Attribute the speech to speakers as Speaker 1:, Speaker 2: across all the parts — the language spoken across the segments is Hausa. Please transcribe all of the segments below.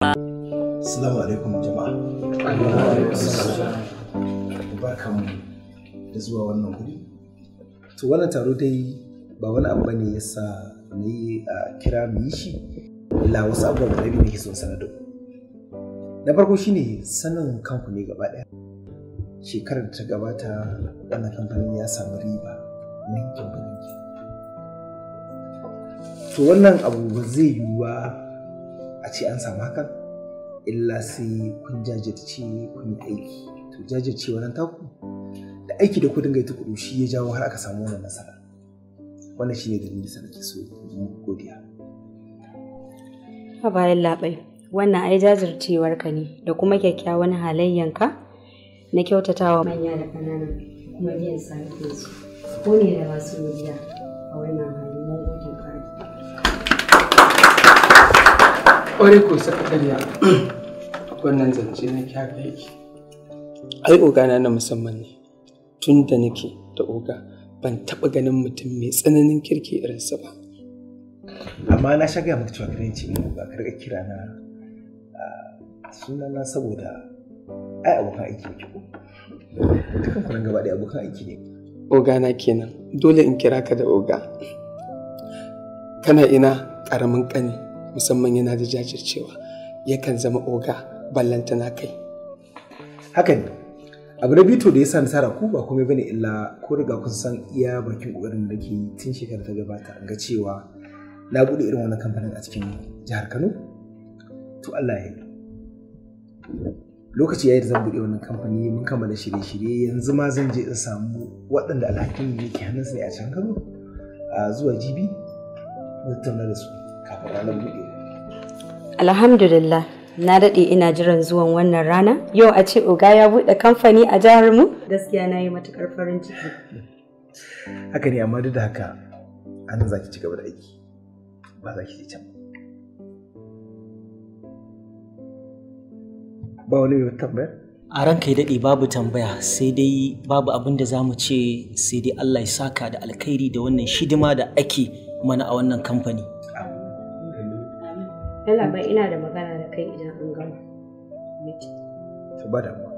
Speaker 1: Assalamu alaikum jama'a. Barkan da zuwa wannan guri. To wannan taro dai ba wani abu bane ya sa na yi a kira mu yi shi la wasu abubuwan guda biyu nake son sanar Na farko shine sanin kamfani gabaɗaya. gaba ɗaya. Shekarar ta gabata wannan kamfanin ya samu riba ninkin ba ninkin. To wannan abu ba zai yiwu ba a ce an samu hakan illa sai kun jajirce kun yi aiki to jajirce wannan taku da aiki da kudin dinga kudu tukuru shi ya jawo har aka samu wannan nasara wannan ne dalilin da ke so godiya
Speaker 2: a bayan labai wannan ai jajircewar ka ne da kuma kyakkyawan ka na kyautatawa manya da ƙanana kuma biyan sa ko ne da masu godiya a wannan hali
Speaker 3: ƙwarai ko sakatariya wannan zance na kyaka yake ai ogana na musamman ne tun da nake da oga ban taɓa ganin mutum mai tsananin kirki irinsa ba amma na maka cewa ce kira na
Speaker 1: sunana saboda ai abokan aiki ne ko
Speaker 3: gaba abokan aiki ne ogana kenan dole in kira ka da oga kana ina ƙaramin ƙani musamman yana da jajircewa yakan zama oga ballantana kai haka ne abu na bito da ya sa tara
Speaker 1: ku ba kuma bane illa ko riga kun san iya bakin kokarin da ke tun shekaru ta gabata ga cewa na buɗe irin wannan kamfanin a cikin jihar Kano to Allah ya yi lokaci yayi da zan buɗe wannan kamfani mun kammala shirye-shirye yanzu ma zan je in samu waɗanda alhakin yake hannunsa ne a can Kano zuwa jibi mu tattauna da su kafin ranar buɗe.
Speaker 2: Alhamdulillah na daɗe ina jiran zuwan wannan rana yau a ce oga ya buɗe kamfani a jihar mu gaskiya na yi matuƙar farin ciki.
Speaker 1: Haka ne amma duk da haka an za ki ci gaba da aiki ba za ki can. Ba wani mai tambayar? a ranka ya daɗe babu tambaya sai dai babu abin da za mu ce sai dai Allah ya saka da alkhairi da wannan shidima da ake mana a wannan kamfani.
Speaker 2: yalla ina da magana da kai idan an gama to mai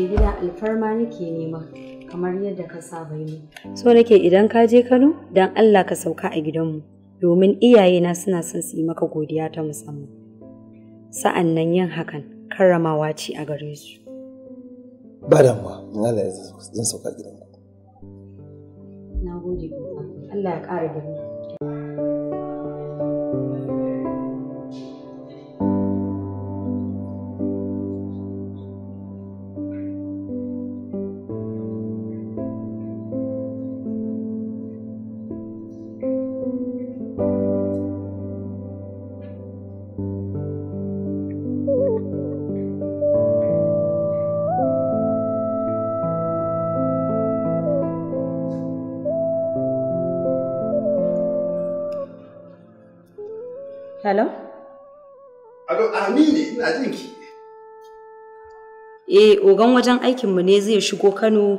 Speaker 2: gida alfarma nake nema kamar yadda ka saba yi so nake idan ka je Kano dan Allah ka sauka a gidanmu domin iyayena suna son su yi maka godiya ta musamman sa'an nan yin hakan karramawa ce a gare su
Speaker 1: ba damuwa Allah ya zai sauka gidanmu
Speaker 2: Na gode. Allah ya ƙara girma. Hello?
Speaker 4: Alo, Amine, ina jin
Speaker 2: Eh, ogan wajen aikinmu ne zai shigo Kano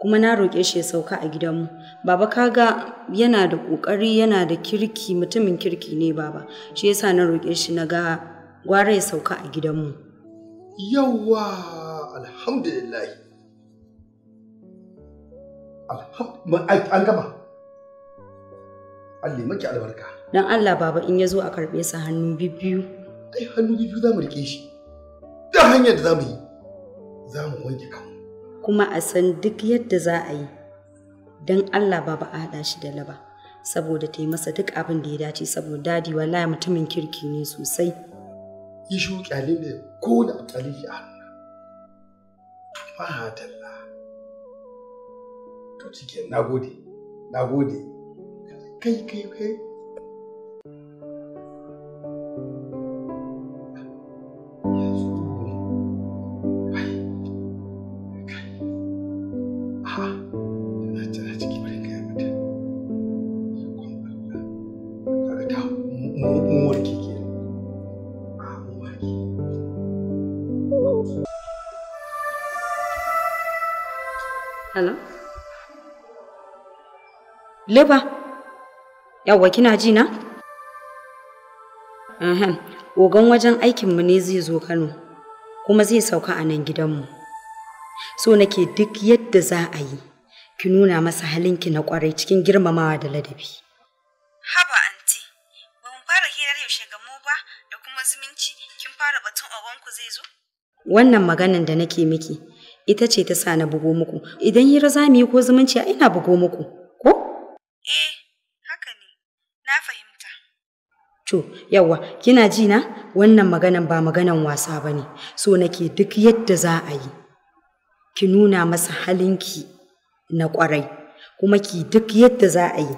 Speaker 2: kuma na roƙe shi ya sauka a gidanmu. Baba kaga yana da ƙoƙari yana da kirki mutumin kirki ne baba. Shi yasa na roƙe shi na ga gwara ya sauka a gidanmu.
Speaker 4: Yawwa, alhamdulillah. Alhamdulillah, an gama.
Speaker 2: Allah maki albarka. don Allah baba in ya zo a karɓe sa hannu biyu. Ai hannu biyu za mu rike shi. Da hanyar da za mu yi
Speaker 4: za mu wanke kan.
Speaker 2: Kuma a san duk yadda za a yi don Allah baba a haɗa shi da laba. Saboda ta yi masa duk abin da ya dace saboda dadi wallahi mutumin kirki ne sosai. Yi shi kyale ne ko da kyale shi a hannu.
Speaker 4: Fahatalla. To cikin nagode, nagode. Kai kai kai.
Speaker 2: Hello? Leba, yawwa kina ji na? Ahem, ogan wajen aikinmu ne zai zo Kano, kuma zai sauka a nan gidanmu. So nake duk yadda za a yi, ki nuna masa halin ki na kwarai cikin girmamawa da ladabi. Haba anti, ba mu fara hirar yaushe mu ba da kuma zumunci kin fara batun ogonku zai zo? Wannan maganan da nake miki, ita ce ta sa na bugo muku idan hira za mu yi ko zumunci a ina bugo muku ko eh haka ne na fahimta to yawa kina ji na wannan maganan ba maganan wasa bane so nake duk yadda za a yi ki nuna masa halinki na kwarai kuma ki duk yadda za a yi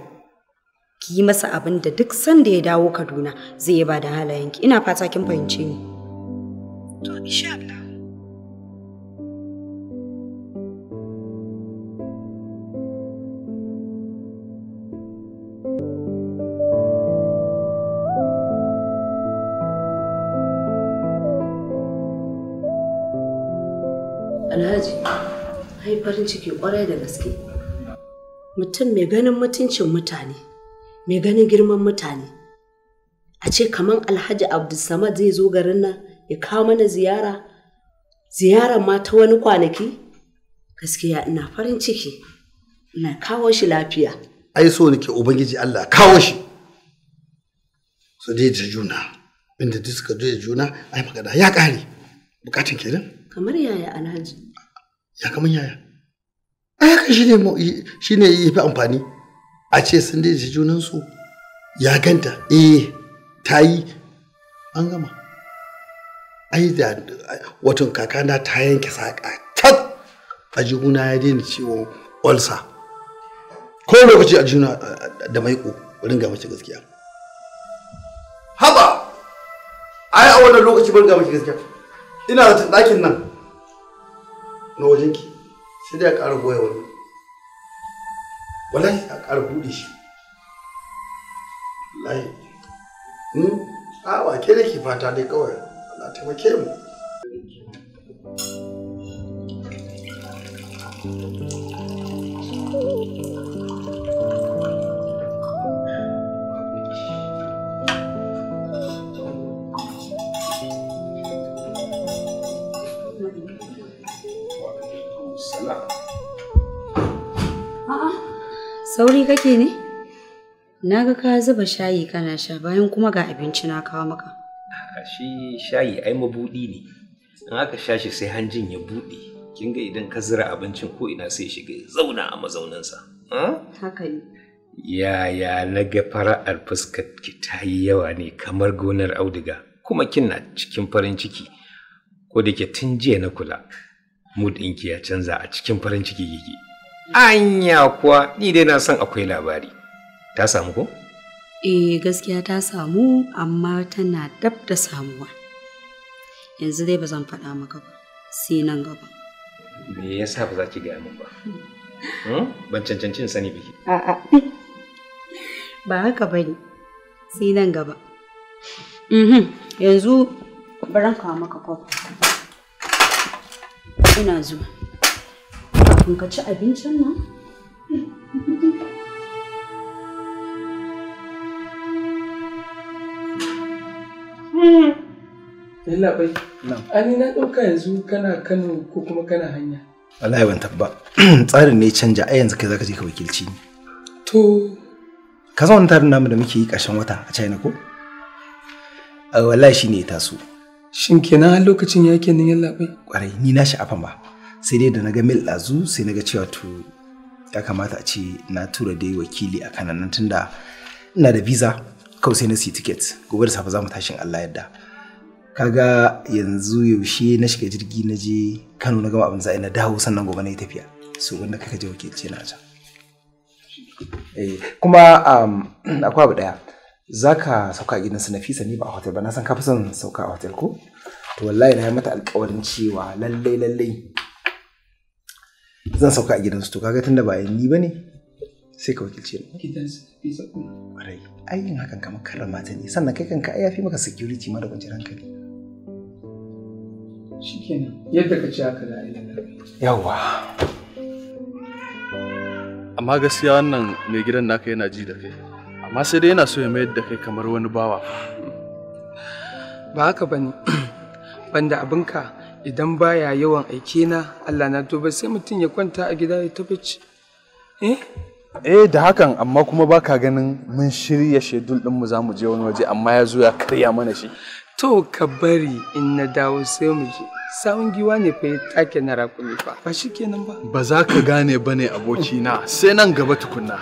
Speaker 2: ki yi masa abin da duk sanda ya dawo Kaduna zai yi ba da halayenki ina fata kin fahimce ni to insha Allah alhaji ai farin ciki kwarai da gaske mutum mai ganin mutuncin mutane mai ganin girman mutane a ce kaman alhaji abdulsamad zai zo garin nan ya kawo mana ziyara ziyarar ma ta wani kwanaki gaskiya ina farin ciki ina kawo shi lafiya
Speaker 4: ai so nake ubangiji allah kawo shi su daidai juna inda duk suka juna ai magana ya ƙare Bukatun kenan?
Speaker 2: Kamar yaya Alhaji. Ya kamar
Speaker 4: yaya? Ai haka shine shine yafi amfani. A ce sun ji junan su. Ya ganta eh ta yi an gama. Ai da watan kakana ta yanke saƙa tat a juna ya daina ciwo olsa. Ko lokaci a juna da maiko ringa mace gaskiya. Haba! Ai a wannan lokaci ban ga mace gaskiya. ina da ɗakin nan na wajenki sai dai a ƙara goya wani wallahi a ƙara buɗe shi wallahi hmm? a wa ke da ke fata dai kawai Allah taimake mu
Speaker 2: Sauri kake ne? Na ga ka zuba shayi kana sha bayan kuma ga abinci na kawo maka.
Speaker 3: Shi shayi ai mabuɗi ne. In aka sha shi sai hanjin ya buɗe. Kin ga idan ka zira abincin ko
Speaker 1: ina sai shiga zauna a mazauninsa. Hmm?
Speaker 2: Haka ne.
Speaker 3: Yaya na ga fara'ar fuskar ki ta yi yawa ne kamar gonar auduga kuma kina cikin farin ciki. Ko da ke tun jiya na kula. Mood ɗinki ya canza a cikin farin ciki kike. anya kuwa ni dai na san akwai labari ta samu ko
Speaker 2: eh gaskiya ta samu amma tana dab da samuwa yanzu dai ba zan faɗa maka ba sai nan gaba
Speaker 3: me yasa ba za ki gaya min ba hmm? ban cancanci sani biki
Speaker 2: a'a ba haka bane sai nan gaba mhm. yanzu baran kawo maka kofi ina zuwa kafin ka ci abincin nan? Yalla
Speaker 3: bai, ani na ɗauka yanzu kana Kano ko kuma kana hanya.
Speaker 1: Wallahi ban tabba. Tsarin ne canja a yanzu kai zaka je ka wakilci ni. To ka zo wani tarin namu da muke yi ƙarshen wata a China ko? Wallahi shine ya taso. Shin kenan har lokacin ya nan yalla bai? Kwarai ni na shi afan ba. sai dai da na ga mil ɗazu sai na ga cewa to ya kamata a ce na tura dai wakili a kanan tunda ina da visa kawai sai na siyi ticket gobe da safe za mu tashin Allah yadda kaga yanzu yaushe na shiga jirgi na je Kano na gama abin za'a na dawo sannan gobe na yi tafiya so wanda kaka je ce na can eh, kuma akwai abu daya zaka sauka gidan su nafisa ne ba a hotel ba na san ka fi son sauka a hotel ko to wallahi na yi mata alƙawarin cewa lallai lallai zan sauka a gidansu to kaga tunda ba ni ba ne sai ka wakilce
Speaker 3: ni ƙwarai
Speaker 1: ai yin hakan kamar karrama ta ne sannan kai kanka ai fi maka security ma da kwanciyar hankali
Speaker 3: shikenan yadda ka ce haka da yawa amma gaskiya wannan mai gidan naka yana ji da kai amma sai dai yana so ya mayar da kai kamar wani bawa ba haka bane banda abinka idan baya yawan aiki na Allah na tuba sai mutum ya kwanta a gida ya tabbaci
Speaker 4: eh eh da hakan amma kuma baka ganin mun
Speaker 3: shirya shedul din mu mu je wani waje amma ya zo ya karya mana shi to ka bari in na dawo sai mu je sawun giwa ne fa ya take na rakumi fa ba shi kenan ba ba za ka gane ne aboki na sai nan gaba tukunna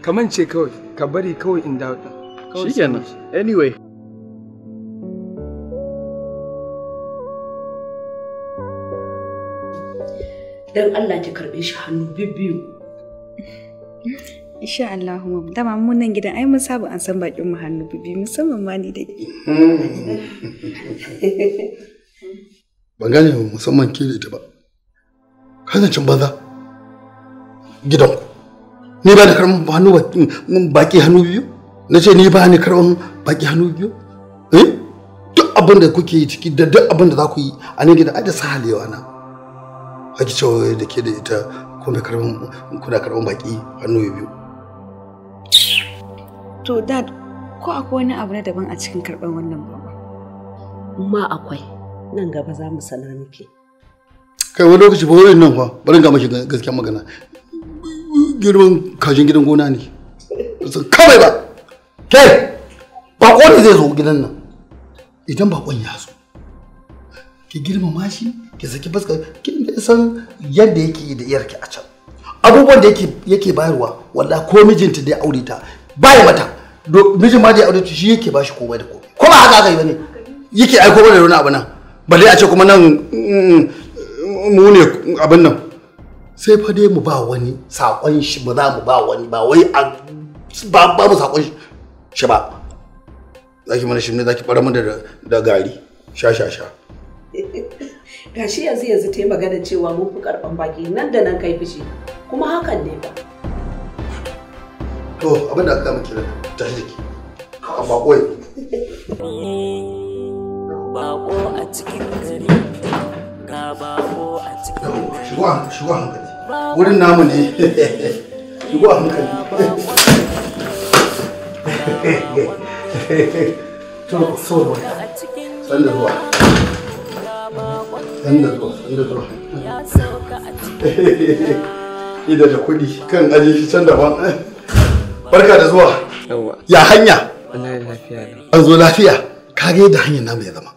Speaker 3: kaman ce kawai ka bari kawai in dawo shikenan anyway
Speaker 2: don Allah ki karɓe shi hannu bibbiyu. Insha Allah dama mun nan gidan ai mun saba an san bakin mu hannu bibi musamman ma ni da ke.
Speaker 4: Ban gane musamman ke da ita ba. cin banza gidan ku. Ni ba da karɓar hannu baki mm, hannu biyu? Na ce ni ba ni karɓar baki hannu biyu? Eh? Duk abin da kuke yi ciki da duk abin da za ku yi a nan gidan ai da sahalewa na. haki cewa da ke da ita mai karban kuna karban baki hannu biyu
Speaker 2: to dad ko akwai wani abu na daban a cikin karban wannan baba ma akwai nan gaba za mu sana miki
Speaker 4: kai wani lokaci ba wani nan fa bari ga miki gaskiya magana girman kajin gidan gona ne kawai ba kai bakon da zai zo gidan nan idan bakon ya zo ki girma shi ki saki fuskar ki da san yadda yake da iyarki a can abubuwan da yake yake bayarwa wallahi ko mijinta da ya aure ta bai mata mijin ma da ya aure ta shi yake bashi komai da komai kuma haka haka yi bane yake aiko bane da wani abu nan balle a ce kuma nan mm, mm, mu ne abin nan sai fa dai mu ba wani sakon shi ba za mu ba wani ba wai a ba ba mu sakon shi ba zaki mana shi ne zaki fara mana da gari sha sha sha
Speaker 2: shi yanzu yanzu ta yi magana cewa mun fi karfan baki nan da nan kai fushi kuma hakan ne ba
Speaker 4: to abin da aka kama kira ta jiki amma koi bako a cikin gari ga bako a hankali wurin namu ne shigo hankali to so sanda san da zuwa san da zuwa ida da kuɗi kan aje shi can daban barka da zuwa ya hanya an zo lafiya ka ga yadda hanyar namu zama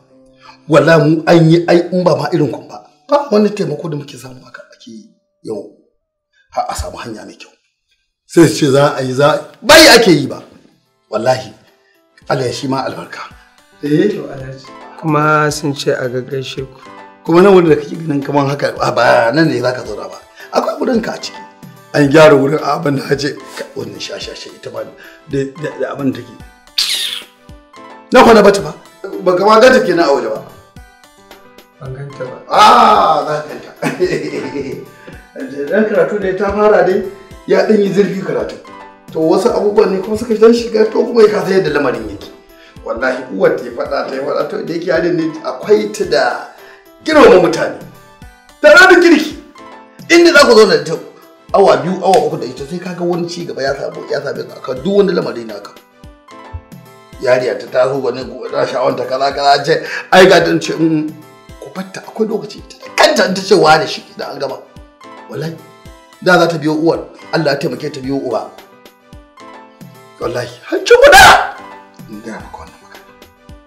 Speaker 4: wala mu an yi ai in ba ma irin kun ba ba wani taimako da muke samu haka ake yau har a samu hanya mai kyau sai su ce za a yi za bai ake yi ba wallahi Allah ya shi ma albarka eh to alhaji kuma sun ce a gaggaishe ku kuma nan wanda kake ganin kaman haka ba nan ne zaka zauna ba akwai wurin ka a ciki an gyara wurin abin da haje wannan shashashe ita ba da abin take na kwana bata ba ba gama ganta kenan a waje ba ban ganta ba a za ka ganta dan karatu ne ta fara dai ya dan yi zurfi karatu to wasu abubuwan ne kuma suka dan shiga to kuma ya kasa yadda lamarin yake wallahi uwar ta faɗa ta faɗa to da yake yarin ne akwai ta da girmama mutane tare da kirki inda za ku zo da ta awa biyu awa uku da ita sai kaga wani ci gaba ya samu ya same ka kan duk wani lamari naka yariya ta taso wani na sha'awar ta kaza kaza ce ai ga dan ce mm, ku fatta akwai lokaci Ta kanta ta ce wa da shi da an gama wallahi da za ta biyo uwar Allah ya taimake ta biyo uba wallahi har ci guda in ga maka wannan magana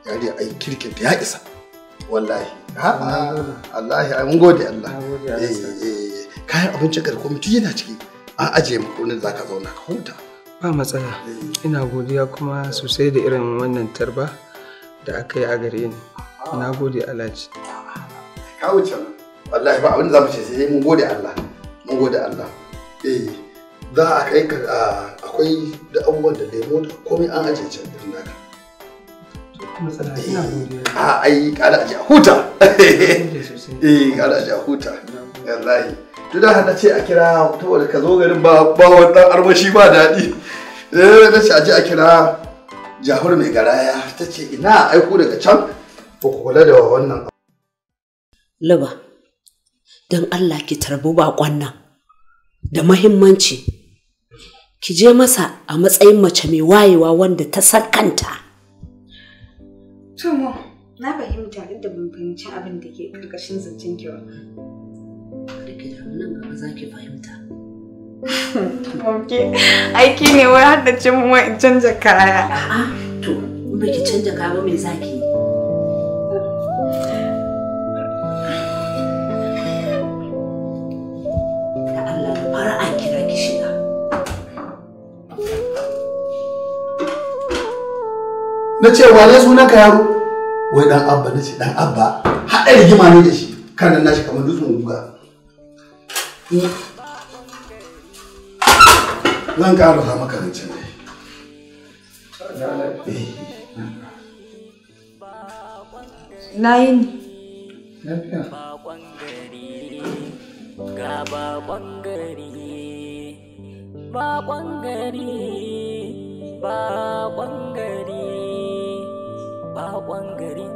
Speaker 4: yariya ai kirkin ta ya isa wallahi Allah mun gode Allah. Eh, eh, eh. Kayan abincin karko mutum yana ciki an ajiye maka wani zaka zauna ka huta.
Speaker 3: Ba matsala ina godiya kuma sosai da irin wannan tarba da aka yi a gare ni. Ah. Na gode Alhaji.
Speaker 4: Ka wuce wallahi ba abin da za mu ce sai mun gode Allah. Mun gode Allah. Eh za a kai akwai da abubuwan da lemo da komai an ajiye can.
Speaker 3: matsala ina godiya
Speaker 4: ah, a ai a huta eh kala a huta wallahi to da hana ce a kira da ka zo garin ba ba wannan armashi ba daɗi eh na ce a je a kira jahur mai garaya ta ce ina aiko daga can
Speaker 2: ba ku kula da wannan Luba, don Allah ki tarbi baƙon nan da muhimmanci, ki je masa a matsayin mace mai wayewa wanda ta san kanta. To na fahimta duk da ban fahimci abin da ke karkashin zancen ki ba. ke da nan gaba za ki fahimta. Ok, aiki ne wai har da cin mu in canja kaya. A'a, to, in ba ki canja kaya ba me za ki yi?
Speaker 4: Na ce wane ka yaro? wai dan abba na ce dan abba haɗa rigima ne da shi kan nan nashi kamar dutsen guga zan ƙara sa maka rancen ne eh.
Speaker 3: na yi ne
Speaker 4: ba ga ba gari bakon gari bakon gari bakon gari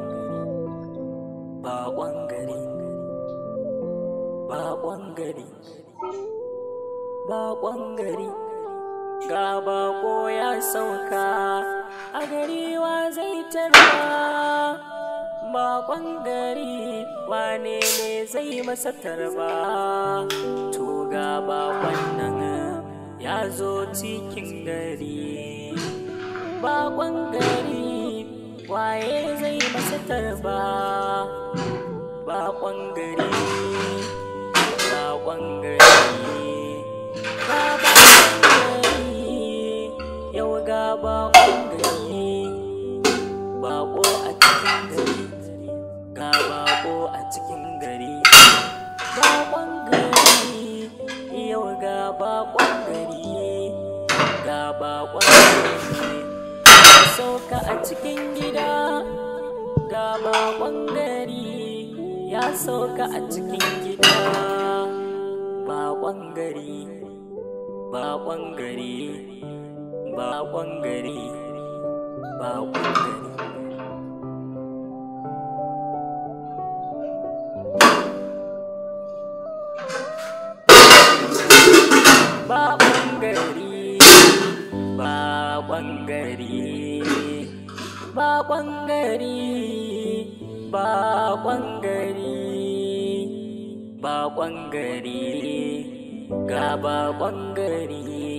Speaker 4: bakon gari bakon
Speaker 1: gari
Speaker 2: bakon gari ga bako ya sauka a gari wa zai tarwa bakon gari wane ne zai masa tarba to ga bakon nan ya zo cikin gari bakon gari waye zai masa ba baƙon gari baƙon gari baƙon gari yau ga baƙon gari baƙo a cikin cikin gida ga bakon gari ya sauka a cikin gida bakon gari bakon gari
Speaker 4: bakon gari bakon gari Bakon gari, bakon gari. ba ƙwangari ba ƙwangari ba ƙwangari ga ba ƙwangari